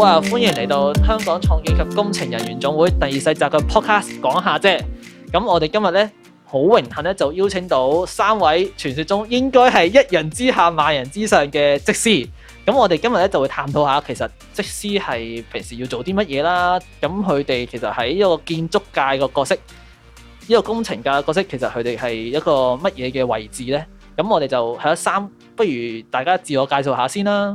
哇！歡迎嚟到香港創建及工程人員總會第二細集嘅 podcast，講下啫。咁我哋今日咧好榮幸咧，就邀請到三位傳說中應該係一人之下萬人之上嘅則師。咁我哋今日咧就會探討下，其實則師係平時要做啲乜嘢啦。咁佢哋其實喺一個建築界嘅角色，一個工程界嘅角色，其實佢哋係一個乜嘢嘅位置咧？咁我哋就喺三，不如大家自我介紹下先啦。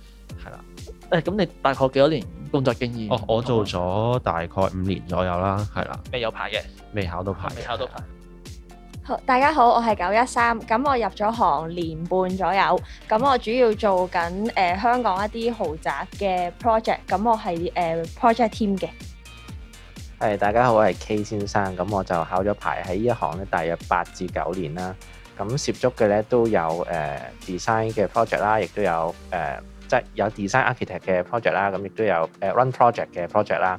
咁、哎，你大概幾多年工作經驗？哦，我做咗大概五年左右啦，係啦。未有牌嘅。未考到牌。未考到牌。好，大家好，我係九一三。咁我入咗行年半左右。咁我主要做緊、呃、香港一啲豪宅嘅 project。咁我係 project team 嘅。係，大家好，我係 K 先生。咁我就考咗牌喺呢一行咧，大約八至九年啦。咁涉足嘅咧都有誒 design 嘅 project 啦，亦都有誒。呃即有係 design architect 嘅 project 啦，咁亦都有誒 run project 嘅 project 啦、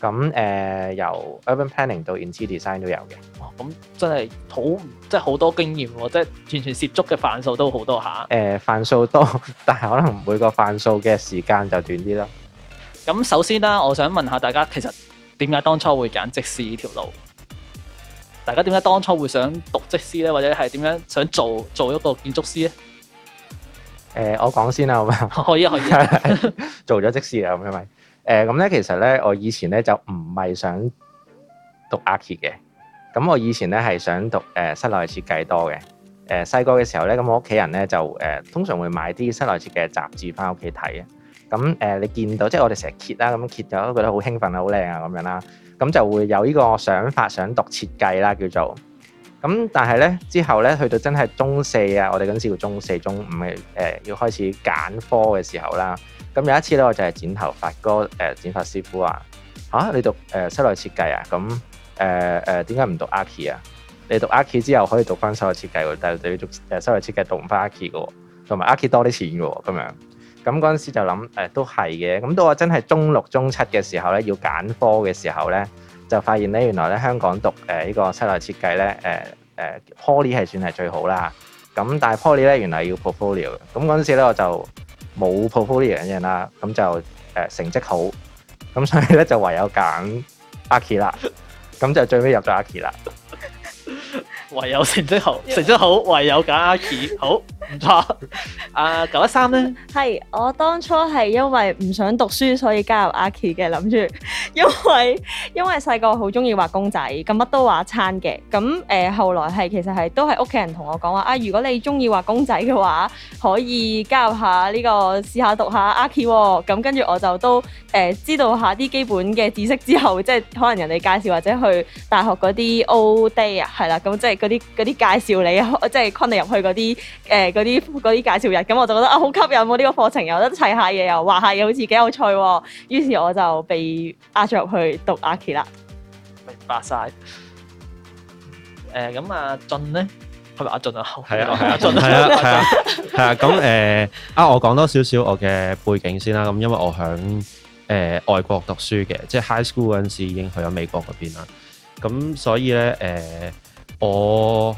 呃。咁誒由 urban planning 到 interior design 都有嘅。咁、哦、真係好，即係好多經驗喎，即係完全涉足嘅範疇都好多下。誒範疇多，但係可能每個範疇嘅時間就短啲咯。咁首先啦、啊，我想問下大家，其實點解當初會揀則師呢條路？大家點解當初會想讀則師咧，或者係點樣想做做一個建築師咧？誒、呃，我講先啦，好唔好？可以可以 做咗即時。啊，咁樣咪誒咁咧，其實咧，我以前咧就唔係想讀 archi 嘅，咁我以前咧係想讀誒室內設計多嘅。誒細個嘅時候咧，咁我屋企人咧就誒、呃、通常會買啲室內設計雜誌翻屋企睇啊。咁誒、呃、你見到，即係我哋成日揭啦，咁揭咗都覺得好興奮啊，好靚啊咁樣啦。咁就會有呢個想法，想讀設計啦，叫做。咁但係咧，之後咧去到真係中四啊，我哋嗰陣時叫中四、中五嘅誒、呃，要開始揀科嘅時候啦。咁有一次咧，我就係剪頭髮哥誒、呃，剪髮師傅話：吓、啊，你讀誒、呃、室內設計啊？咁誒誒，點解唔讀 Archi 啊？你讀 Archi 之後可以讀翻室內設計喎，但係你要讀誒、呃、室內設計讀唔翻 Archi 嘅，同埋 Archi 多啲錢嘅咁樣。咁嗰陣時就諗誒、呃，都係嘅。咁到我真係中六、中七嘅時候咧，要揀科嘅時候咧。就發現咧，原來咧香港讀誒呢個室內設計咧，誒誒 Poly 係算係最好啦。咁但係 Poly 咧原來要 portfolio，咁嗰陣時咧我就冇 portfolio 嗰樣啦。咁就誒成績好，咁所以咧就唯有揀 Aki 啦。咁就最尾入咗 Aki 啦。唯有成績好，成績好，唯有揀 Aki，好唔錯。啊、uh，九一三咧，係我當初係因為唔想讀書，所以加入 Arky 嘅，諗住因為因為細個好中意畫公仔，咁乜都畫餐嘅，咁誒、呃、後來係其實係都係屋企人同我講話啊，如果你中意畫公仔嘅話，可以加入下呢、呢個試下讀下 Arky，咁、哦、跟住我就都誒、呃、知道下啲基本嘅知識之後，即係可能人哋介紹或者去大學嗰啲 all day 啊，係啦，咁即係嗰啲嗰啲介紹你即係 c o 係昆你入去嗰啲誒嗰啲嗰啲介紹人。咁我就覺得啊，好吸引喎、啊！呢、這個課程又得砌下嘢，又畫下嘢，好似幾有趣喎。於是我就被壓咗入去讀 Archi 啦。明白晒？誒、呃，咁阿俊咧，係咪阿俊啊？係係、啊、阿俊，係啊係啊。係啊，咁誒，啊，我講多少少我嘅背景先啦。咁因為我響誒、呃、外國讀書嘅，即係 high school 嗰陣時已經去咗美國嗰邊啦。咁所以咧，誒、呃、我。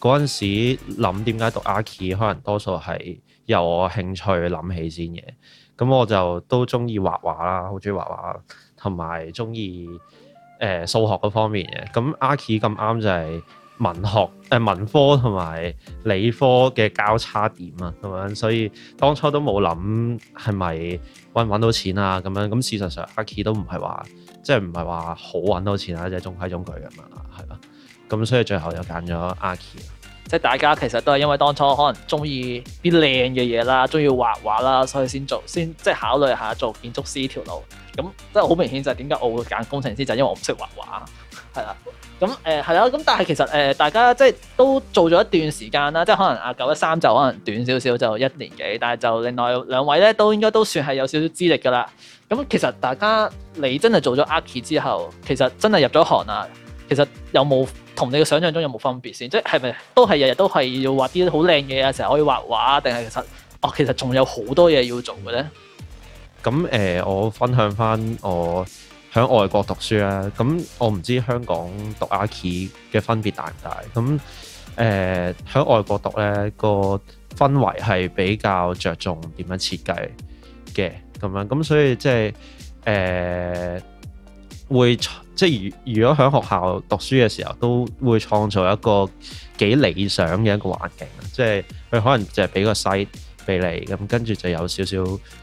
嗰陣時諗點解讀 Arch，可能多數係由我興趣諗起先嘅。咁我就都中意畫畫啦，好中意畫畫，同埋中意誒數學嗰方面嘅。咁 Arch 咁啱就係文學誒、呃、文科同埋理科嘅交叉點啊，咁樣。所以當初都冇諗係咪揾唔揾到錢啊咁樣。咁事實上 Arch 都唔係話即係唔係話好揾到錢啊，即係、就是、中規中矩咁啊。咁所以最後又揀咗 Arkie 即係大家其實都係因為當初可能中意啲靚嘅嘢啦，中意畫畫啦，所以做先做先即係考慮一下做建築師呢條路。咁即係好明顯就係點解我會揀工程師，就係、因為我唔識畫畫，係啦。咁誒係啦。咁、呃、但係其實誒、呃、大家即係都做咗一段時間啦，即係可能阿九一三就可能短少少就一年幾，但係就另外兩位咧都應該都算係有少少資歷㗎啦。咁其實大家你真係做咗 Arkie 之後，其實真係入咗行啊。其實有冇？同你嘅想象中有冇分別先？即係咪都係日日都係要畫啲好靚嘅，啊？成日可以畫畫，定係其實哦，其實仲有好多嘢要做嘅咧。咁誒、呃，我分享翻我喺外國讀書啦。咁我唔知香港讀阿 k i 嘅分別大唔大。咁誒，喺、呃、外國讀咧、那個氛圍係比較着重點樣設計嘅咁樣。咁所以即係誒。呃會即係如如果喺學校讀書嘅時候，都會創造一個幾理想嘅一個環境。即係佢可能淨係俾個 size 俾你，咁跟住就有少少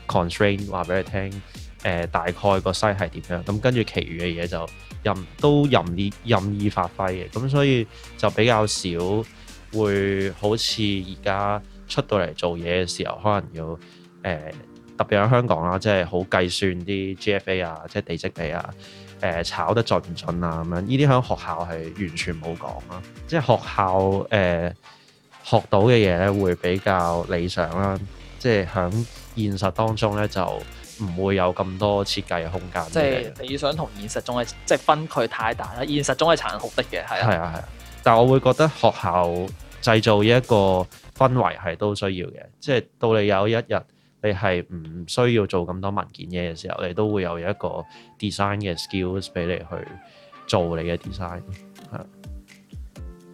constraint 話俾你聽。誒、呃，大概個 size 係點樣？咁跟住其餘嘅嘢就任都任意任意發揮嘅。咁所以就比較少會好似而家出到嚟做嘢嘅時候，可能要誒、呃、特別喺香港啦，即係好計算啲 GFA 啊，即係地積比啊。誒炒得準唔準啊？咁樣呢啲喺學校係完全冇講啦，即係學校誒、呃、學到嘅嘢咧會比較理想啦，即係喺現實當中咧就唔會有咁多設計嘅空間。即係理想同現實中咧，即、就、係、是、分區太大啦，現實中係殘酷的嘅，係啊係啊。但係我會覺得學校製造一個氛圍係都需要嘅，即係到你有一日。你係唔需要做咁多文件嘢嘅時候，你都會有一個 design 嘅 skills 俾你去做你嘅 design。係，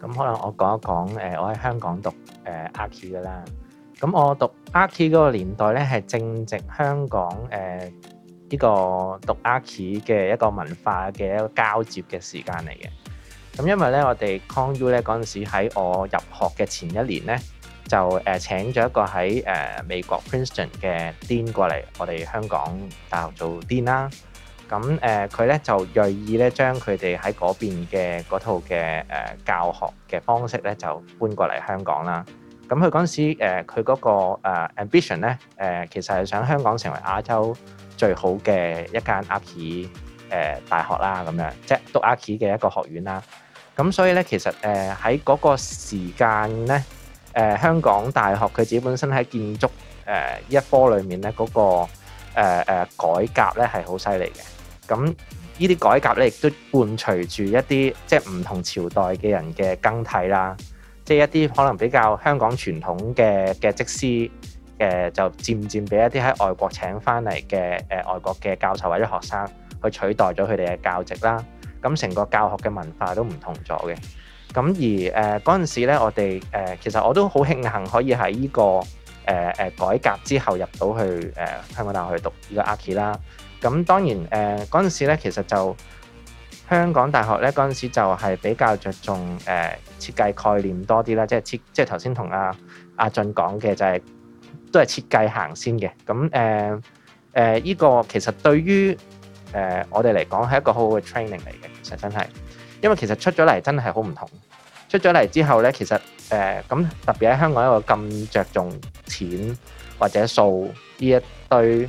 咁可能我講一講誒、呃，我喺香港讀誒、呃、Archi 嘅啦。咁我讀 Archi 嗰個年代咧，係正值香港誒呢、呃呢個讀 Archi 嘅一個文化嘅一個交接嘅時間嚟嘅。咁因為咧，我哋 Con U 咧嗰陣時喺我入學嘅前一年咧。就誒請咗一個喺誒美國 Princeton 嘅 Dean 過嚟我哋香港大學做 Dean 啦。咁誒佢咧就睿意咧將佢哋喺嗰邊嘅嗰套嘅誒教學嘅方式咧就搬過嚟香港啦。咁佢嗰陣時佢嗰個 ambition 咧誒其實係想香港成為亞洲最好嘅一間阿 i 誒大學啦，咁樣即係讀阿奇嘅一個學院啦。咁所以咧其實誒喺嗰個時間咧。誒、呃、香港大學佢自己本身喺建築誒、呃、一科裏面咧嗰、那個誒、呃呃、改革咧係好犀利嘅，咁呢啲改革咧亦都伴隨住一啲即係唔同朝代嘅人嘅更替啦，即係一啲可能比較香港傳統嘅嘅則師，誒、呃、就漸漸俾一啲喺外國請翻嚟嘅誒外國嘅教授或者學生去取代咗佢哋嘅教職啦，咁成個教學嘅文化都唔同咗嘅。咁而誒嗰陣時咧，我哋、呃、其實我都好慶幸可以喺呢、這個誒、呃、改革之後入到去誒、呃、香港大學去讀呢個 Aki 啦。咁、嗯、當然誒嗰陣時咧，其實就香港大學咧嗰陣時就係比較着重誒、呃、設計概念多啲啦，即係設即係頭先同阿阿俊講嘅就係、是、都係設計行先嘅。咁誒誒呢個其實對於誒、呃、我哋嚟講係一個好好嘅 training 嚟嘅，其實真係，因為其實出咗嚟真係好唔同。出咗嚟之後咧，其實誒咁、呃、特別喺香港有一個咁着重錢或者數呢一堆誒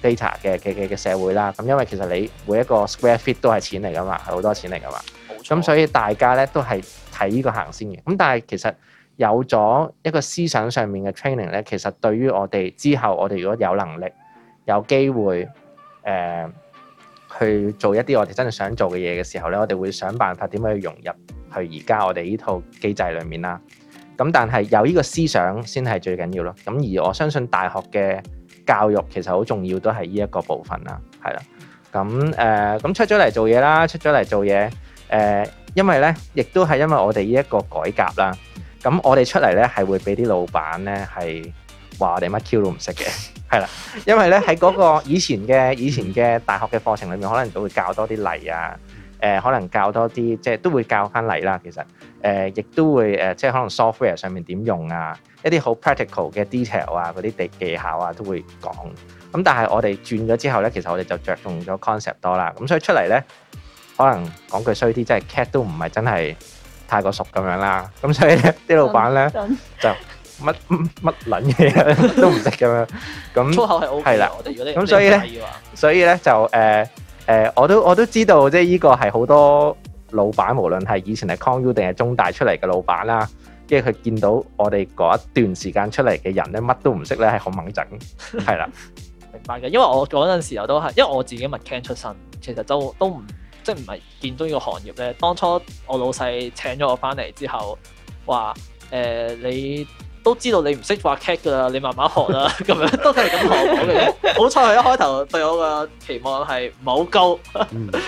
data 嘅嘅嘅嘅社會啦。咁因為其實你每一個 square feet 都係錢嚟㗎嘛，係好多錢嚟㗎嘛。冇錯。咁所以大家咧都係睇呢個行先嘅。咁但係其實有咗一個思想上面嘅 training 咧，其實對於我哋之後我哋如果有能力有機會誒、呃、去做一啲我哋真係想做嘅嘢嘅時候咧，我哋會想辦法點樣去融入。去而家我哋呢套機制裏面啦，咁但係有呢個思想先係最緊要咯。咁而我相信大學嘅教育其實好重要，都係呢一個部分啦。係啦，咁誒咁出咗嚟做嘢啦，出咗嚟做嘢誒、呃，因為咧亦都係因為我哋呢一個改革啦。咁我哋出嚟咧係會俾啲老闆咧係話我哋乜 Q 都唔識嘅，係啦，因為咧喺嗰個以前嘅以前嘅大學嘅課程裏面，可能都會教多啲例啊。誒可能教多啲，即係都會教翻嚟啦。其實誒，亦都會誒，即係可能 software 上面點用啊，一啲好 practical 嘅 detail 啊，嗰啲地技巧啊，都會講。咁但係我哋轉咗之後呢，其實我哋就著重咗 concept 多啦。咁所以出嚟呢，可能講句衰啲，即係 cat 都唔係真係太過熟咁樣啦。咁所以呢，啲老闆呢就乜乜撚嘢都唔識咁樣。咁粗口係 OK，係啦。咁所以呢，所以呢就誒。誒、呃，我都我都知道，即係呢個係好多老闆，無論係以前係 Con U 定係中大出嚟嘅老闆啦，跟住佢見到我哋嗰一段時間出嚟嘅人咧，乜都唔識咧，係好猛整，係 啦是的。 明白嘅，因為我嗰陣時候都係，因為我自己物經出身，其實都都唔即係唔係見到呢個行業咧。當初我老細請咗我翻嚟之後，話誒、呃、你。都知道你唔識畫 cat 噶啦，你慢慢學啦，咁 樣都係咁學嘅。 好彩佢一開頭對我嘅期望係唔係好高，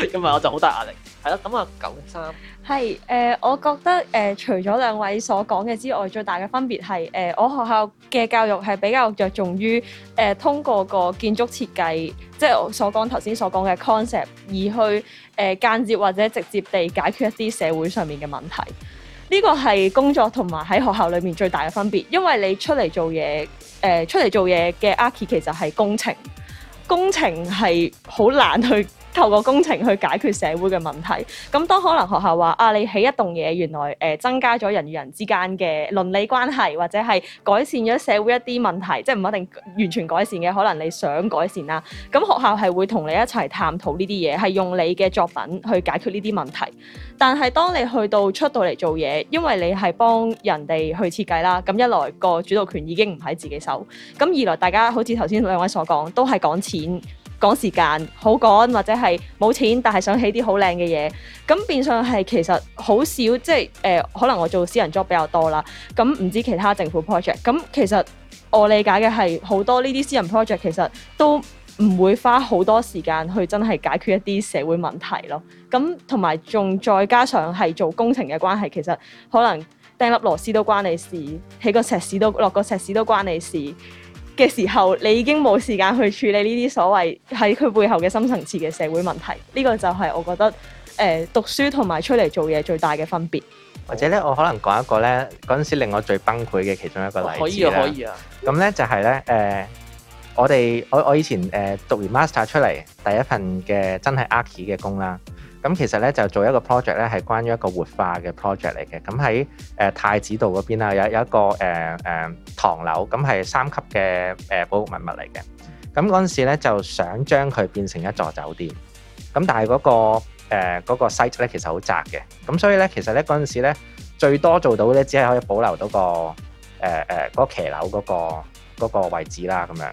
因 為 我就好大壓力。係咯，咁啊九一三係誒，我覺得誒、呃、除咗兩位所講嘅之外，最大嘅分別係誒、呃、我學校嘅教育係比較着重於誒、呃、通過個建築設計，即、就、係、是、我所講頭先所講嘅 concept，而去誒、呃、間接或者直接地解決一啲社會上面嘅問題。呢個係工作同埋喺學校裏面最大嘅分別，因為你出嚟做嘢，誒出嚟做嘢嘅 architecture 其實係工程，工程係好難去。透過工程去解決社會嘅問題，咁當可能學校話啊，你起一棟嘢，原來誒、呃、增加咗人與人之間嘅倫理關係，或者係改善咗社會一啲問題，即係唔一定完全改善嘅，可能你想改善啦。咁學校係會同你一齊探討呢啲嘢，係用你嘅作品去解決呢啲問題。但係當你去到出到嚟做嘢，因為你係幫人哋去設計啦，咁一來個主導權已經唔喺自己手，咁二來大家好似頭先兩位所講，都係講錢。趕時間，好趕或者係冇錢，但係想起啲好靚嘅嘢，咁變相係其實好少，即係誒、呃，可能我做私人 job 比較多啦。咁唔知其他政府 project，咁其實我理解嘅係好多呢啲私人 project 其實都唔會花好多時間去真係解決一啲社會問題咯。咁同埋仲再加上係做工程嘅關係，其實可能掟粒螺絲都關你事，起個石屎都落個石屎都關你事，嘅時候，你已經冇時間去處理呢啲所謂喺佢背後嘅深層次嘅社會問題。呢、這個就係我覺得誒、呃、讀書同埋出嚟做嘢最大嘅分別。或者咧，我可能講一個咧嗰陣時令我最崩潰嘅其中一個例子、嗯、可以啊。咁咧就係咧誒，我哋我我以前誒讀完 Master 出嚟第一份嘅真係 Archi 嘅工啦。咁其實咧就做一個 project 咧係關於一個活化嘅 project 嚟嘅，咁喺誒太子道嗰邊啦，有有一個誒誒、呃呃、唐樓，咁係三級嘅誒、呃、保護文物嚟嘅。咁嗰陣時咧就想將佢變成一座酒店，咁但係嗰、那個誒嗰、呃嗰個 site 咧其實好窄嘅，咁所以咧其實咧嗰陣時咧最多做到咧只係可以保留到、嗰個誒誒嗰個騎樓嗰、嗰個嗰個位置啦咁樣。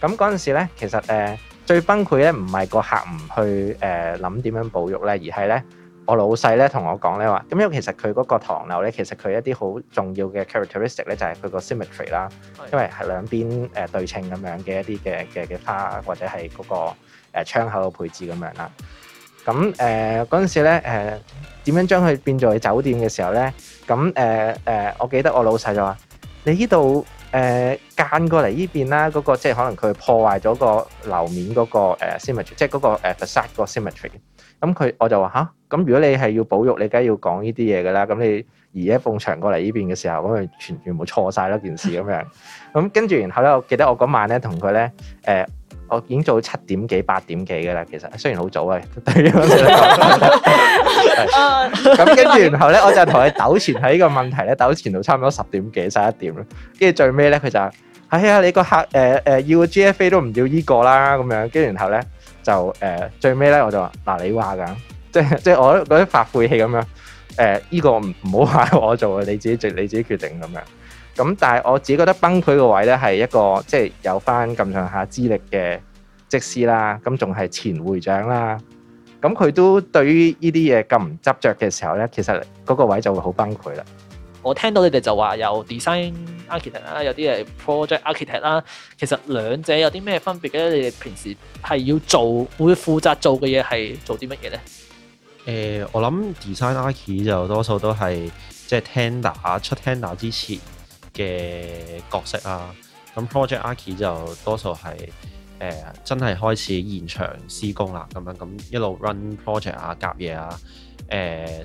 咁嗰陣時咧其實誒。最崩潰咧，唔係個客唔去誒諗點樣保育咧，而係咧我老細咧同我講咧話，咁因為其實佢嗰個唐樓咧，其實佢一啲好重要嘅 characteristic 咧，就係佢個 symmetry 啦，因為係兩邊誒對稱咁樣嘅一啲嘅嘅嘅花或者係嗰個窗口嘅配置咁、呃呃、樣啦。咁誒嗰陣時咧誒點樣將佢變做酒店嘅時候咧，咁誒誒，我記得我老細就話：你呢度誒。呃間過嚟呢邊啦，嗰、那個即係可能佢破壞咗個樓面嗰、那個誒、uh, symmetry，即係嗰、那個誒 facade 個 symmetry。咁、嗯、佢我就話吓，咁、啊、如果你係要保育，你梗係要講呢啲嘢噶啦。咁你移一埲牆過嚟呢邊嘅時候，咁咪全全部錯晒咯，件事咁樣。咁跟住然後咧，我記得我嗰晚咧同佢咧，誒、呃，我已經做到七點幾八點幾噶啦。其實雖然好早啊。咁跟住然後咧，我就同佢糾纏喺呢個問題咧，糾纏到差唔多十點幾十一點啦。跟住最尾咧，佢就。係、哎呃呃、啊，你、就是呃這個客要誒要 GFA 都唔要依個啦，咁樣跟住然後咧，就誒最尾咧我就話，嗱你話㗎，即即我嗰啲發晦氣咁樣，誒依個唔唔好話我做，你自己做你自己決定咁樣。咁但係我自己覺得崩潰個位咧係一個即係、就是、有翻咁上下資歷嘅則師啦，咁仲係前會長啦，咁佢都對於呢啲嘢咁唔執着嘅時候咧，其實嗰個位就會好崩潰啦。我聽到你哋就話有 design architect 啦，有啲係 project architect 啦，其實兩者有啲咩分別嘅？你哋平時係要做，會負責做嘅嘢係做啲乜嘢呢？誒、呃，我諗 design arch 就多數都係即係 tender 出 tender 之前嘅角色啦。咁 project arch 就多數係誒、呃、真係開始現場施工啦。咁樣咁一路 run project 啊，夾嘢啊，誒、呃。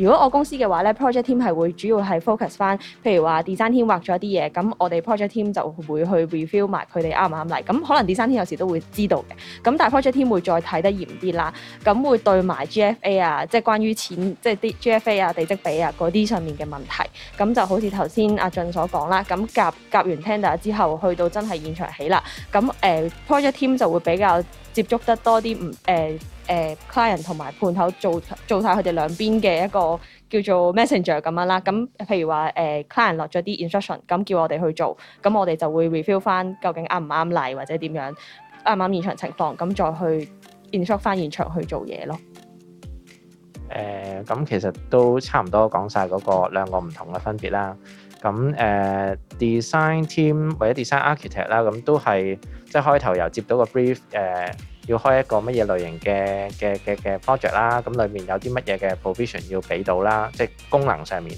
如果我公司嘅話咧，project team 係會主要係 focus 翻，譬如話 design team 畫咗一啲嘢，咁我哋 project team 就會去 review 埋佢哋啱唔啱嚟。咁可能 design team 有時都會知道嘅，咁但 project team 會再睇得嚴啲啦，咁會對埋 GFA 啊，即係關於錢，即係啲 GFA 啊、地積比啊嗰啲上面嘅問題。咁就好似頭先阿俊所講啦，咁夾夾完 tender 之後，去到真係現場起啦，咁、uh, project team 就會比較接觸得多啲，唔、uh, 誒、呃、client 同埋判頭做做曬佢哋兩邊嘅一個叫做 messenger 咁樣啦，咁譬如話誒、呃、client 落咗啲 instruction，咁叫我哋去做，咁我哋就會 review 翻究竟啱唔啱例或者點樣啱唔啱現場情況，咁再去 instruction 翻現場去做嘢咯。誒、呃，咁其實都差唔多講晒嗰個兩個唔同嘅分別啦。咁誒、呃、design team 或者 design architect 啦，咁都係即係開頭由接到個 brief 誒、呃。要開一個乜嘢類型嘅嘅嘅嘅 project 啦，咁裡面有啲乜嘢嘅 provision 要俾到啦，即係功能上面。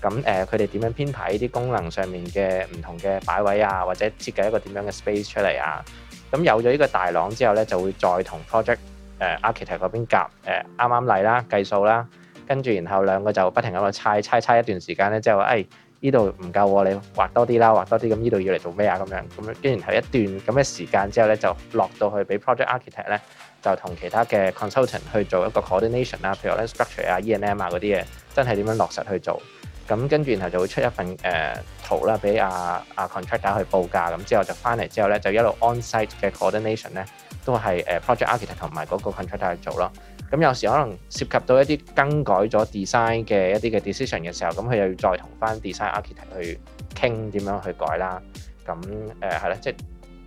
咁誒，佢哋點樣編排呢啲功能上面嘅唔同嘅擺位啊，或者設計一個點樣嘅 space 出嚟啊？咁有咗呢個大廊之後呢，就會再同 project 誒、呃、architect 嗰邊夾啱啱嚟啦，計數啦，跟住然後兩個就不停喺度猜猜猜，猜一段時間呢，之後誒。哎呢度唔夠喎，你畫多啲啦，畫多啲，咁呢度要嚟做咩啊？咁樣咁，跟然後一段咁嘅時間之後咧，就落到去俾 project architect 咧，就同其他嘅 consultant 去做一個 coordination 啦，譬如 structure 啊、E&M 啊嗰啲嘢，真係點樣落實去做？咁跟住然後就會出一份誒圖啦，俾阿阿 contractor 去報價。咁之後就翻嚟之後咧，就一路 on site 嘅 coordination 咧，都係誒 project architect 同埋嗰個 contractor 去做咯。咁有時可能涉及到一啲更改咗 design 嘅一啲嘅 decision 嘅時候，咁佢又要再同翻 design architect 去傾點樣去改啦。咁誒係啦，即、呃、係、即係、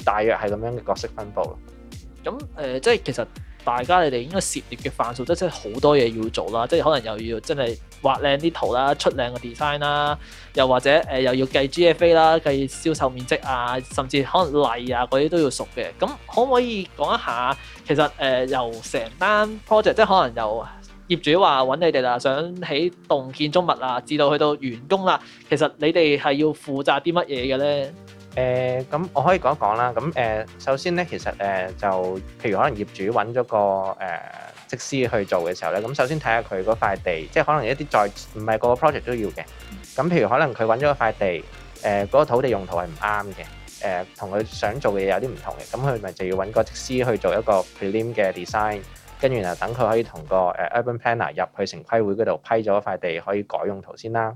大約係咁樣嘅角色分佈咯。咁、嗯、誒、呃、即係其實。大家你哋應該涉獵嘅範疇即係好多嘢要做啦，即係可能又要真係畫靚啲圖啦、出靚嘅 design 啦，又或者誒又要計 GFA 啦、計銷售面積啊，甚至可能例啊嗰啲都要熟嘅。咁可唔可以講一下，其實誒由成單 project，即係可能由業主話揾你哋啦，想起棟建築物啊，至到去到完工啦，其實你哋係要負責啲乜嘢嘅咧？誒、呃、咁我可以講一講啦。咁誒、呃、首先咧，其實誒、呃、就譬如可能業主揾咗個誒則師去做嘅時候咧，咁首先睇下佢嗰塊地，即係可能一啲再唔係個個 project 都要嘅。咁譬如可能佢揾咗嗰塊地，誒嗰個土地用途係唔啱嘅，同、呃、佢想做嘅嘢有啲唔同嘅，咁佢咪就要揾個則師去做一個 prelim 嘅 design，跟住然後等佢可以同個、呃、urban planner 入去城規會嗰度批咗嗰塊地可以改用途先啦，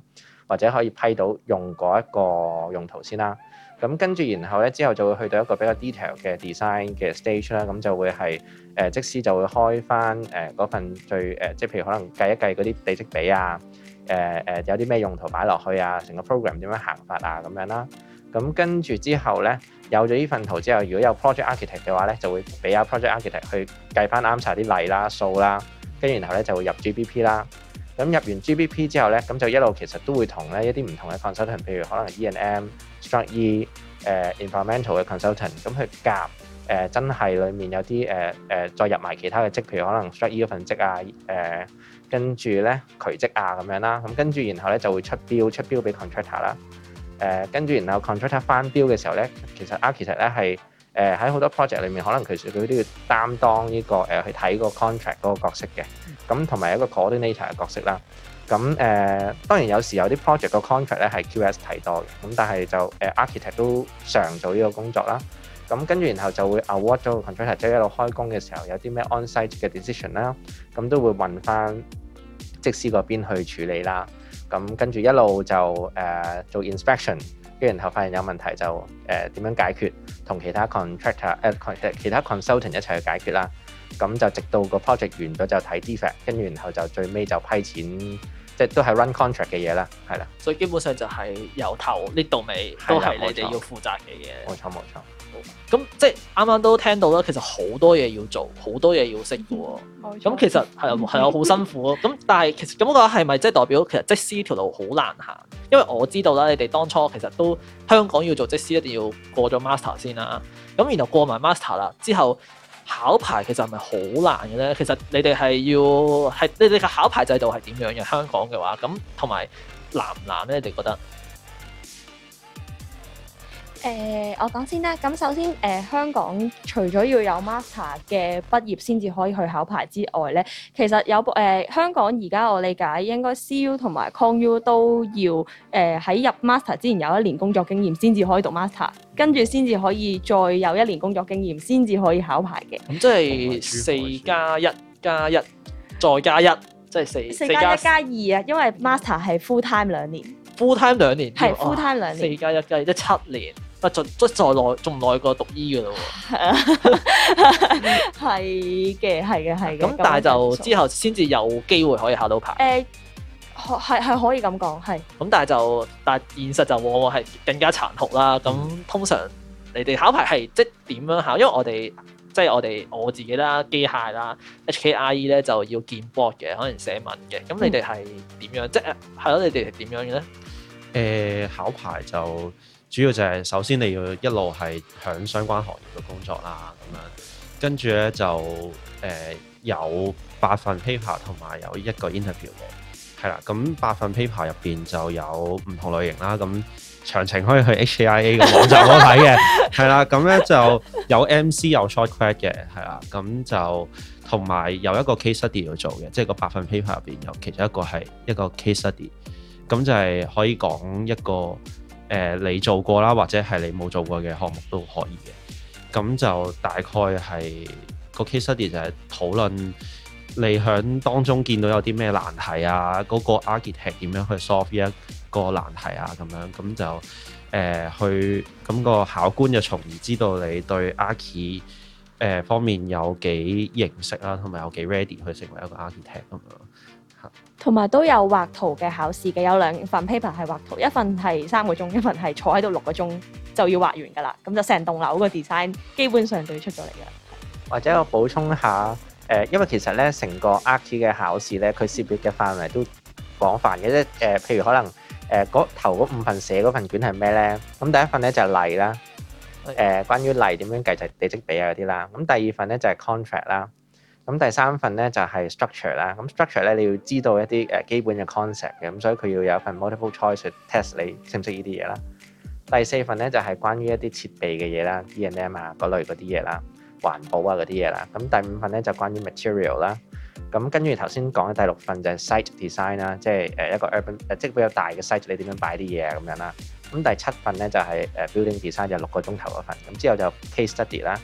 或者可以批到用嗰一個用途先啦。咁跟住，然後咧，之後就會去到一個比較 detail 嘅 design 嘅 stage 啦。咁就會係、呃、則師就會開翻誒嗰份最、呃、即係譬如可能計一計嗰啲地積比啊，誒、呃呃、有啲咩用途擺落去啊，成個 program 點樣行法啊咁樣啦。咁跟住之後咧，有咗呢份圖之後，如果有 project architect 嘅話咧，就會俾啊 project architect 去計翻啱晒啲例啦、啊、數啦、啊，跟住然後咧就會入 GBP 啦。咁入完 GBP 之後呢，咁就一路其實都會同呢一啲唔同嘅 consultant，譬如可能 E and M、Struct E、誒 environmental 嘅 consultant，咁去夾、呃、真係裏面有啲、呃、再入埋其他嘅職，譬如可能 Struct E 嗰份職啊、呃，跟住呢，渠職啊咁樣啦，咁跟住然後呢，就會出標出標俾 contractor 啦、呃，跟住然後 contractor 翻標嘅時候呢，其實啊其實呢係誒喺好多 project 裏面，可能其實佢都要擔當呢、呢個、呃、去睇個 contract 嗰個角色嘅。咁同埋一個 coordinator 嘅角色啦，咁誒、呃、當然有時有啲 project 嘅 contract 咧係 QS 提多嘅，咁但係就、呃、architect 都常做呢個工作啦。咁跟住然後就會 award 咗個 contractor，即係一路開工嘅時候有啲咩 on site 嘅 decision 啦，咁都會問返則師嗰邊去處理啦。咁跟住一路就、呃、做 inspection，跟住然後發現有問題就、呃、點樣解決，同其他 contractor、呃、其他 consultant 一齊去解決啦。咁就直到個 project 完咗就睇 defect，跟住然後就最尾就批錢，即係都係 run contract 嘅嘢啦，係啦。所以基本上就係由頭呢到尾都係你哋要負責嘅嘢。冇錯冇錯。咁即係啱啱都聽到啦，其實好多嘢要做，好多嘢要識嘅喎。咁其實係係有好辛苦咯。咁 但係其實咁個係咪即代表其實即係則師條路好難行？因為我知道啦，你哋當初其實都香港要做則師一定要過咗 master 先啦。咁然後過埋 master 啦之後。考牌其實係咪好難嘅咧？其實你哋係要係你哋嘅考牌制度係點樣嘅？香港嘅話，咁同埋難唔難咧？你哋覺得？誒、呃，我講先啦。咁首先，誒、呃，香港除咗要有 master 嘅畢業先至可以去考牌之外咧，其實有部誒、呃、香港而家我理解應該 CU 同埋 CONU 都要誒喺、呃、入 master 之前有一年工作經驗先至可以讀 master，跟住先至可以再有一年工作經驗先至可以考牌嘅。咁即係四加一加一，再加一，即係四四加一加二啊！因為 master 係 full time 兩年，full time 兩年係 full time 兩年，四加一加二即係七年。唔係再耐仲耐過讀醫噶咯喎？係 啊 係嘅，係嘅，係嘅。咁但係就之後先至有機會可以考到牌。誒、欸，係係可以咁講係。咁但係就但係現實就往往係更加殘酷啦。咁、嗯、通常你哋考牌係即點樣考？因為我哋即係我哋我自己啦，機械啦 HKIE 咧就要見 board 嘅，可能寫文嘅。咁你哋係點樣？嗯、即係係咯，你哋係點樣嘅咧？誒、欸，考牌就。主要就係首先你要一路係喺相關行業嘅工作啦，咁樣跟住咧就、呃、有八份 paper 同埋有一個 interview 嘅，係啦。咁八份 paper 入面就有唔同類型啦。咁詳情可以去 HKIA 嘅網站嗰度睇嘅，係 啦。咁咧就有 MC 有 short cut 嘅，係啦。咁就同埋有一個 case study 要做嘅，即係個八份 paper 入面有其中一個係一個 case study，咁就係可以講一個。呃、你做過啦，或者係你冇做過嘅項目都可以嘅。咁就大概係、嗰個 case study 就係討論你響當中見到有啲咩難題啊，嗰個 architect 點樣去 solve 呢一個難題啊，咁樣，咁就、呃、去咁、嗰個考官就從而知道你對 archi t、呃、方面有幾認識啦，同埋有幾 ready 去成為一個 architect 咁樣。同埋都有畫圖嘅考試嘅，有兩份 paper 係畫圖，一份係三個鐘，一份係坐喺度六個鐘就要畫完㗎啦。咁就成棟樓個 design 基本上都要出咗嚟啦。或者我補充下，誒、呃，因為其實咧成個 arch 嘅考試咧，佢涉獵嘅範圍都廣泛嘅啫。誒、呃，譬如可能誒嗰、呃、頭嗰五份寫嗰份卷係咩咧？咁第一份咧就係、是、例啦，誒、呃，關於例點樣計就地積比啊嗰啲啦。咁第二份咧就係、是、contract 啦。咁第三份咧就係、是、structure 啦，咁 structure 咧你要知道一啲基本嘅 concept 嘅，咁所以佢要有一份 multiple choice test 你識唔識呢啲嘢啦。第四份咧就係、是、關於一啲設備嘅嘢啦 d n m 啊嗰類嗰啲嘢啦，環保啊嗰啲嘢啦。咁第五份咧就關於 material 啦，咁跟住頭先講嘅第六份就係 site design 啦，即、就、係、是、一個 urban，即係比較大嘅 site 你點樣擺啲嘢啊咁樣啦。咁第七份咧就係、是、building design 就六個鐘頭嗰份，咁之後就 case study 啦。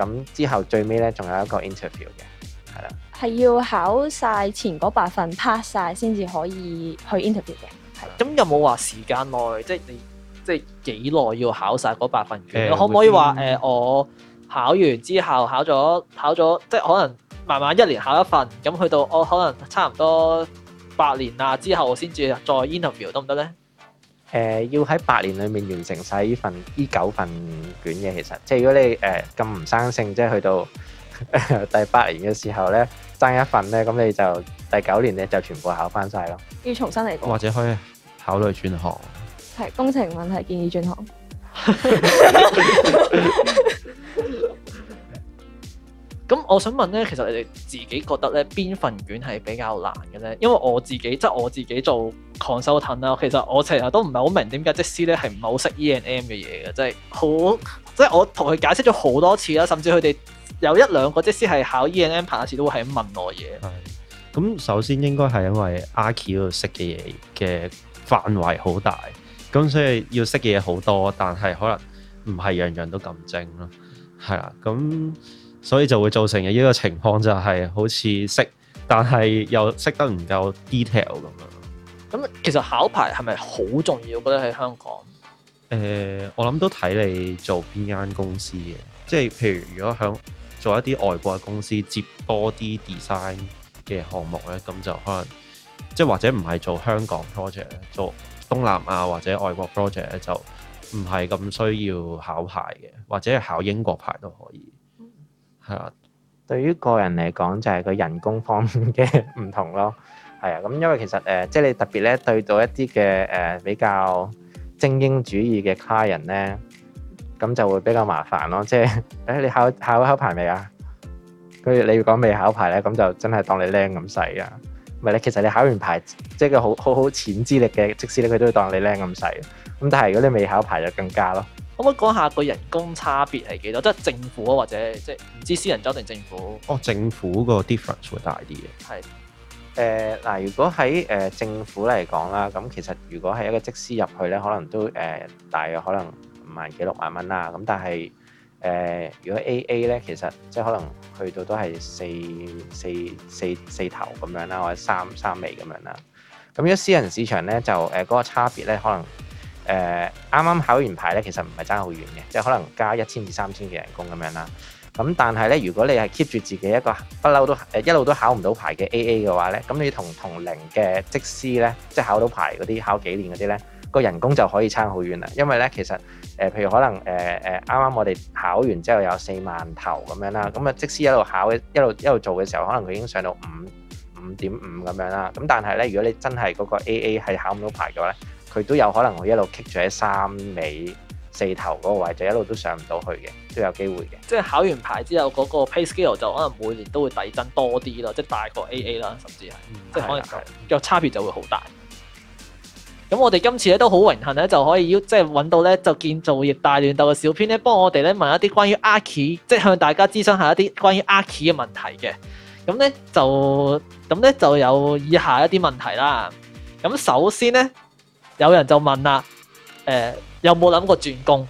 咁之後最尾咧，仲有一個 interview 嘅，係啦。係要考晒前嗰八份 pass 晒先至可以去 interview 嘅。咁有冇話時間內，即係你即係幾耐要考晒嗰八份嘅？可唔可以話我考完之後考咗考咗，即係可能慢慢一年考一份。咁去到我可能差唔多八年啊之後，先至再 interview，得唔得咧？呃、要喺八年裏面完成晒呢份呢九份卷嘅。其實即如果你誒咁唔生性，即去到、呃、第八年嘅時候咧，爭一份咧，咁你就第九年咧就全部考翻晒咯，要重新嚟過，或者可以考慮轉行。係工程問題，建議轉行。 咁我想問咧，其實你哋自己覺得咧邊份卷係比較難嘅咧？因為我自己即係、就是、我自己做 consultant 啦，其實我成日都唔係好明點、e 就是就是、解則師咧係唔係好識 E and M 嘅嘢嘅，即係好即係我同佢解釋咗好多次啦，甚至佢哋有一兩個則師係考 E and M 考試都會係問我嘢。咁首先應該係因為 Archi 嗰度識嘅嘢嘅範圍好大，咁所以要識嘅嘢好多，但係可能唔係樣樣都咁精咯，係啦，咁。所以就會造成嘅依個情況就係好似識，但係又識得唔夠 detail 咁樣。咁其實考牌係咪好重要、呃？我覺得喺香港，誒，我諗都睇你做邊間公司嘅，即係譬如如果響做一啲外國嘅公司接多啲 design 嘅項目咧，咁就可能即係或者唔係做香港 project，做東南亞或者外國 project 咧，就唔係咁需要考牌嘅，或者係考英國牌都可以。係啊，對於個人嚟講就係、是、個人工方面嘅唔同咯。係啊，咁因為其實誒、呃，即係你特別咧對到一啲嘅誒比較精英主義嘅卡人 i e 咧，咁就會比較麻煩咯。即係誒、哎，你考考咗考牌未啊？佢你要講未考牌咧，咁就真係當你靚咁使啊。唔係你其實你考完牌，即係佢好好好潛資歷嘅，即使咧佢都要當你靚咁使。咁但係如果你未考牌就更加咯。可唔可以講下個人工差別係幾多，即係政府或者即係唔知私人裝定政府？哦，政府個 difference 會大啲嘅。係，誒、呃、嗱，如果喺誒、呃、政府嚟講啦，咁其實如果係一個則師入去咧，可能都誒、呃、大約可能五萬幾六萬蚊啦。咁但係誒、呃，如果 AA 咧，其實即係可能去到都係四四四四頭咁樣啦，或者三三尾咁樣啦。咁如果私人市場咧，就誒嗰、呃嗰個差別咧，可能～誒啱啱考完牌咧，其實唔係爭好遠嘅，即係可能加一千至三千嘅人工咁樣啦。咁但係咧，如果你係 keep 住自己一個不嬲都誒一路都考唔到牌嘅 AA 嘅話咧，咁你同同齡嘅則師咧，即係考到牌嗰啲考幾年嗰啲咧，個人工就可以差好遠啦。因為咧，其實誒、呃、譬如可能誒誒啱啱我哋考完之後有四萬頭咁樣啦，咁啊則師一路考嘅一路一路做嘅時候，可能佢已經上到五五點五咁樣啦。咁但係咧，如果你真係嗰個 AA 係考唔到牌嘅話咧，佢都有可能會一路棘住喺三尾四頭嗰個位置，一路都上唔到去嘅，都有機會嘅。即係考完牌之後，嗰、嗰個 pay scale 就可能每年都會遞增多啲啦，即係大過 A A 啦，甚至係、嗯、即係可能咁，個、嗯、差別就會好大。咁、嗯、我哋今次咧都好榮幸咧，就可以要即係揾到咧就建造業大亂鬥嘅小編咧，幫我哋咧問一啲關於 Archi 即係向大家諮詢下一啲關於 Archi 嘅問題嘅。咁咧就咁咧就有以下一啲問題啦。咁首先咧。有人就問啦，誒、欸、有冇諗過轉工？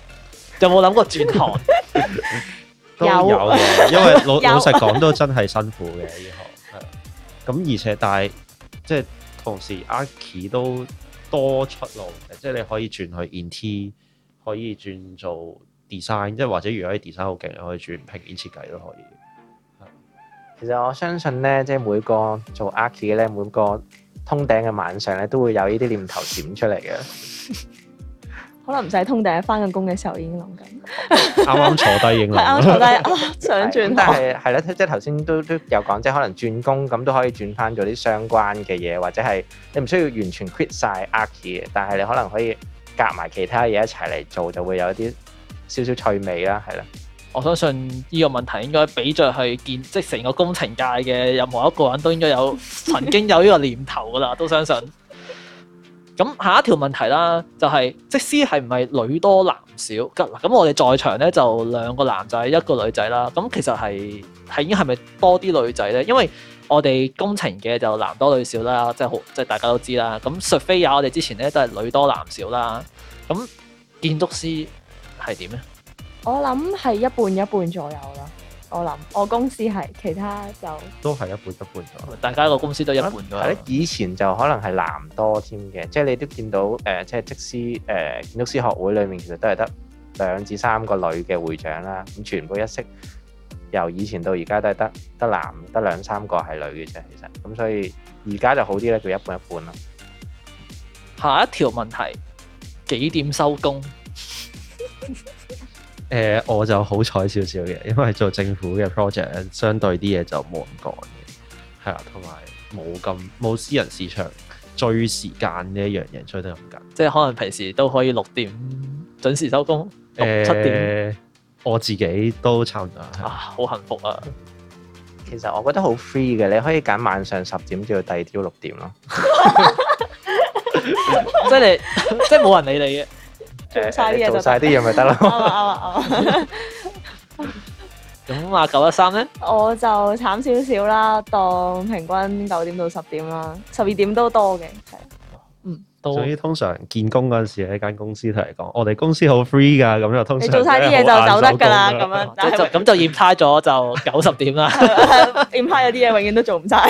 有冇諗過轉行？ 都有，嘅， 因為老 老實講都真係辛苦嘅呢行，係 咁而且但係即係同時，Archie 都多出路嘅，即係你可以轉去 int，可以轉做 design，即係或者如果你 design 好勁，可以轉平面設計都可以。其實我相信呢，即係每個做 Archie 呢每個通頂嘅晚上咧，都會有呢啲念頭閃出嚟嘅。可能唔使通頂，翻緊工嘅時候已經諗緊。啱 啱 坐低，係啱啱坐低想轉。但係係啦，即係頭先都都有講，即係可能轉工咁都可以轉翻做啲相關嘅嘢，或者係你唔需要完全 quit 曬 Archi 嘅，但係你可能可以夾埋其他嘢一齊嚟做，就會有一啲少少趣味啦，係啦。我相信呢個問題應該俾着去見，即係成個工程界嘅任何一個人都應該有曾經有呢個念頭噶啦，都相信。咁下一條問題啦，就是，就係即係師係唔係女多男少？咁咁我哋在場咧就兩個男仔一個女仔啦。咁其實係係應該係咪多啲女仔咧？因為我哋工程嘅就男多女少啦，即係好即係大家都知啦。咁除非啊，我哋之前咧都係女多男少啦。咁建築師係點咧？我諗係一半一半左右啦。我諗我公司係其他就都係一半一半左右。大家個公司都一半噶啦。以前就可能係男多添嘅，即係你都見到誒，即係則師建築師學會裏面其實都係得兩至三個女嘅會長啦。咁全部一式由以前到而家都係得得男得兩三個係女嘅啫。其實咁所以而家就好啲咧，叫一半一半咯。下一條問題，幾點收工？ 誒、呃、我就好彩少少嘅，因為做政府嘅 project，相對啲嘢就冇咁趕嘅，係啊，同埋冇咁冇私人市場追時間呢一樣嘢，追得咁緊。即係可能平時都可以六點準時收工，七、嗯、點、呃。我自己都差唔多啊，好幸福啊！其實我覺得好 free 嘅，你可以揀晚上十點至到第二朝六點咯， 即係你，即係冇人理你嘅。做晒啲嘢就做晒啲嘢咪得咯。啱啦啱啦啱啦。咁話九一三咧？我就慘少少啦，當平均九點到十點啦，十二點都多嘅。係，嗯，都。所以通常見工嗰陣時，喺間公司同嚟講，我哋公司好 free 噶，咁就通常。你做晒啲嘢就走得噶啦，咁樣。咁就咁就驗差咗就九十點啦。驗差咗啲嘢，永遠都做唔晒。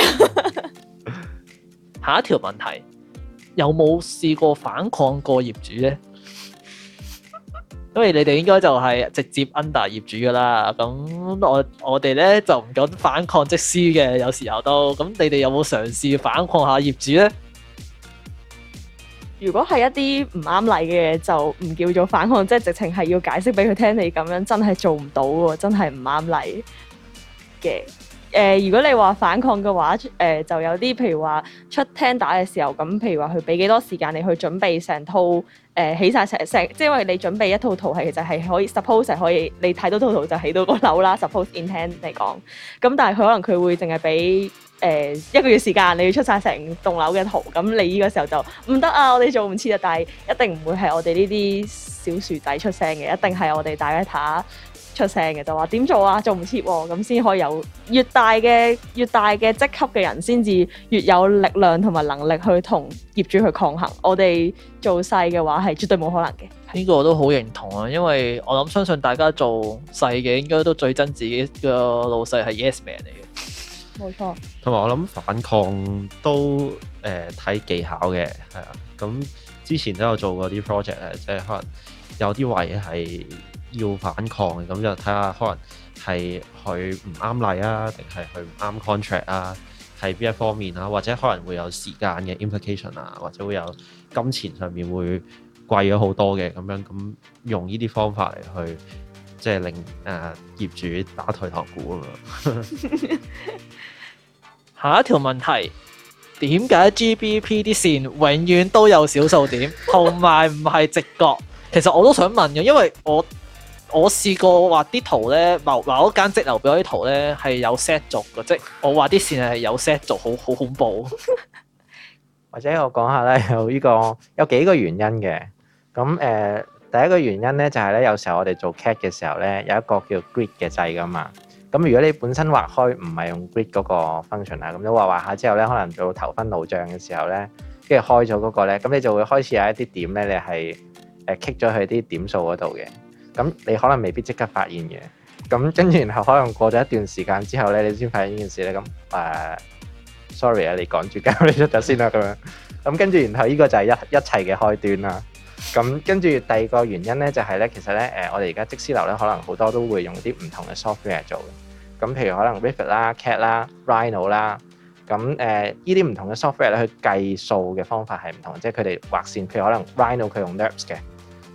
下一條問題，有冇試過反抗過業主咧？因為你哋應該就係直接 under 業主噶啦，咁我我哋咧就唔敢反抗則師嘅。有時候都，咁你哋有冇嘗試反抗下業主咧？如果係一啲唔啱例嘅嘢，就唔叫做反抗，即係直情係要解釋俾佢聽，你咁樣真係做唔到喎，真係唔啱例嘅。真的不誒、呃，如果你話反抗嘅話，誒、呃、就有啲，譬如話出廳打嘅時候，咁譬如話佢俾幾多時間你去準備成套誒、呃、起晒成，即係因為你準備一套圖係其實係可以，suppose 係可以，你睇到套圖就起到個樓啦，suppose intend 嚟講，咁但係佢可能佢會淨係俾誒一個月時間你要出晒成棟樓嘅圖，咁你呢個時候就唔得啊！我哋做唔切啊，但係一定唔會係我哋呢啲小薯底出聲嘅，一定係我哋大家 i 出聲嘅，就話點做啊？做唔切喎，咁先可以有越大嘅越大嘅職級嘅人先至越有力量同埋能力去同業主去抗衡。我哋做細嘅話係絕對冇可能嘅。呢、呢個我都好認同啊，因為我諗相信大家做細嘅應該都最憎自己個老細係 yes man 嚟。冇錯，同埋我諗反抗都誒睇、呃、技巧嘅，係啊，咁之前都有做過啲 project 咧，即係可能有啲位係要反抗咁就睇下可能係佢唔啱例啊，定係佢唔啱 contract 啊，係邊一方面啊，或者可能會有時間嘅 implication 啊，或者會有金錢上面會貴咗好多嘅咁樣，咁用呢啲方法嚟去即係令誒、呃、業主打退堂鼓咁嘛～呵呵 下一條問題，點解 GBP 啲綫永遠都有小數點，同埋唔係直角？其實我都想問嘅，因為我我試過畫啲圖咧，某某一間直流俾、就是、我啲圖咧，係有 set 軸嘅，即我畫啲綫係有 set 軸，好好恐怖。或者我講下咧，有呢、這個有幾個原因嘅。咁誒、呃，第一個原因咧就係咧，有時候我哋做 cat 嘅時候咧，有一個叫 grid 嘅掣㗎嘛。咁如果你本身畫開唔係用 grid 嗰個 function 啊，咁你畫畫下之後咧，可能做到頭昏腦脹嘅時候咧，跟住開咗嗰、那個咧，咁你就會開始有一啲點咧，你係誒咗去啲點數嗰度嘅。咁你可能未必即刻發現嘅。咁跟住然後可能過咗一段時間之後咧，你先發現呢件事咧。咁誒、呃、sorry 啊，你趕住交你出咗先啦，咁樣咁跟住然後呢個就係一一切嘅開端啦。咁跟住第二個原因咧，就係咧，其實咧，誒，我哋而家即師樓咧，可能好多都會用啲唔同嘅 software 做嘅。咁譬如可能 Revit 啦、Cat 啦、Rhino 啦，咁誒呢啲唔同嘅 software 咧，去計數嘅方法係唔同，即係佢哋畫線，譬如可能 Rhino 佢用 Nurbs 嘅，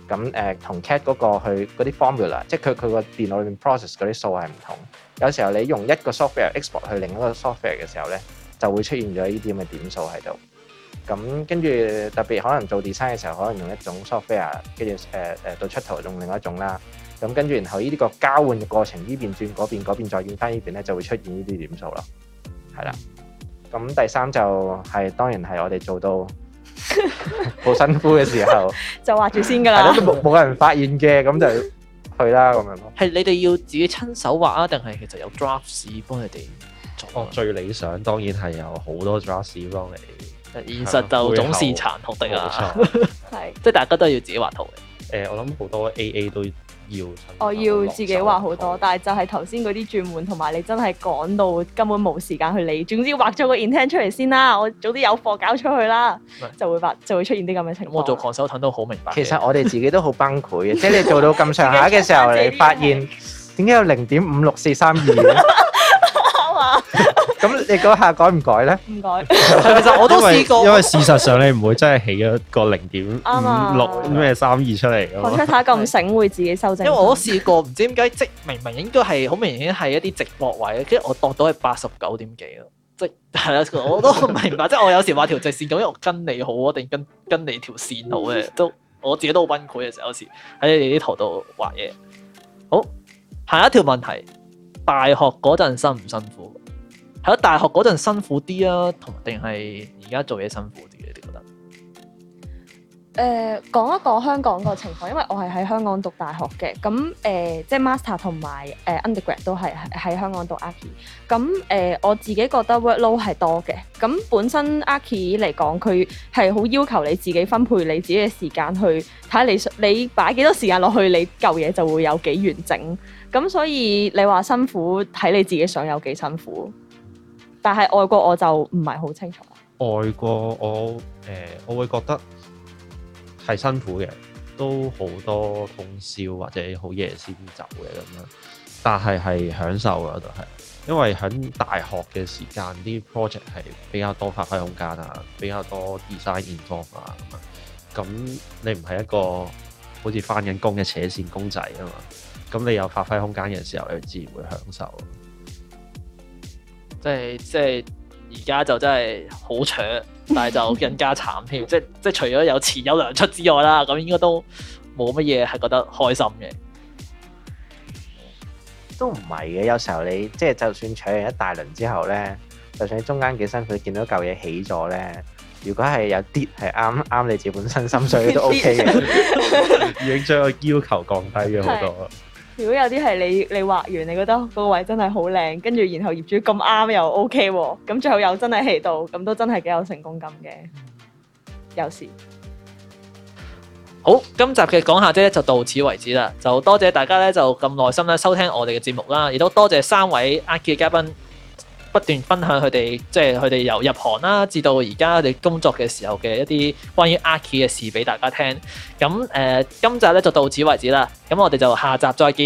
咁誒同 Cat 嗰個去嗰啲 formula，即係佢佢個電腦裏面 process 嗰啲數係唔同。有時候你用一個 software export 去另一個 software 嘅時候咧，就會出現咗呢啲咁嘅點數喺度。咁跟住特別可能做 design 嘅時候，可能用一種 software，跟住誒誒到出頭用另外一種啦。咁跟住然後呢啲個交換嘅過程，呢邊轉嗰邊，嗰邊再轉翻呢邊咧，就會出現呢啲點數咯。係啦。咁第三就係、是、當然係我哋做到好 辛苦嘅時候， 就畫住先㗎啦。冇冇人發現嘅，咁就去啦咁樣咯。係 你哋要自己親手畫啊？定係其實有 drafts 幫佢哋做？哦，最理想當然係有好多 drafts 幫你。現實就總是殘酷的啊，係 沒錯，即 係、就係、大家都要自己畫圖嘅。誒，我諗好多 A A 都要。我要自己畫好多，多，但係就係頭先嗰啲轉換同埋你真係趕到根本冇時間去理，總之畫咗個 intent 出嚟先啦，我早啲有貨搞出去啦，就會畫就會出現啲咁嘅情況。我做抗手癱都好明白。其實我哋自己都好崩潰嘅， 即係你做到咁上下嘅時候， 你發現點解有零點五六四三二咧？ 咁你嗰下改唔改咧？唔改。其實我都試過，因為事實上你唔會真係起咗個零點五六咩三二出嚟。好彩睇下咁醒，會自己修正。因為我都試過，唔知點解即明明應該係好明顯係一啲直角位，即係我度到係八十九點幾咯。即係我都唔明白，即係我有時畫條直線，咁因為我跟你好啊，定跟跟你條線好咧，都我自己都好崩潰嘅時候，有時喺你啲圖度畫嘢。好，下一條問題，大學嗰陣辛唔辛苦？喺大學嗰陣辛苦啲啊，同定係而家做嘢辛苦啲？你哋覺得誒、講、呃、一講香港個情況，因為我係喺香港讀大學嘅，咁誒、呃，即係 Master 同埋誒 undergrad 都係喺香港讀 Archie 咁誒、呃，我自己覺得 workload 係多嘅。咁本身 Archie 嚟講，佢係好要求你自己分配你自己嘅時間去睇你你擺幾多時間落去，你嚿嘢就會有幾完整。咁所以你話辛苦，睇你自己想有幾辛苦。但係外國我就唔係好清楚。外國我誒、呃、我會覺得係辛苦嘅，都好多通宵或者好夜先走嘅咁樣。但係係享受嘅都係，因為喺大學嘅時間啲 project 係比較多發揮空間啊，比較多 design in 方法啊嘛。咁你唔係一個好似返緊工嘅扯線公仔啊嘛。咁你有發揮空間嘅時候，你自然會享受。即係即係而家就真係好搶，但係就更加慘添。即係即係除咗有錢有糧出之外啦，咁應該都冇乜嘢係覺得開心嘅。都唔係嘅，有時候你即係就算搶完一大輪之後咧，就算，就算你中間幾辛苦，你見到嚿嘢起咗咧，如果係有啲係啱啱你自己本身 心水都 OK 嘅，已經將個要求降低咗好多。如果有啲係你你畫完你覺得嗰個位真係好靚，跟住然後業主咁啱又 OK，咁最後又真係起到，咁都真係幾有成功感嘅。有時好，今集嘅講下啫，就到此為止啦。就多謝大家咧，就咁耐心咧收聽我哋嘅節目啦，亦都多謝三位 Arch 嘉賓不斷分享佢哋即係佢哋由入行啦至到而家你工作嘅時候嘅一啲關於 Arch 嘅事俾大家聽。咁誒、呃，今集咧就到此為止啦。咁我哋就下集再見。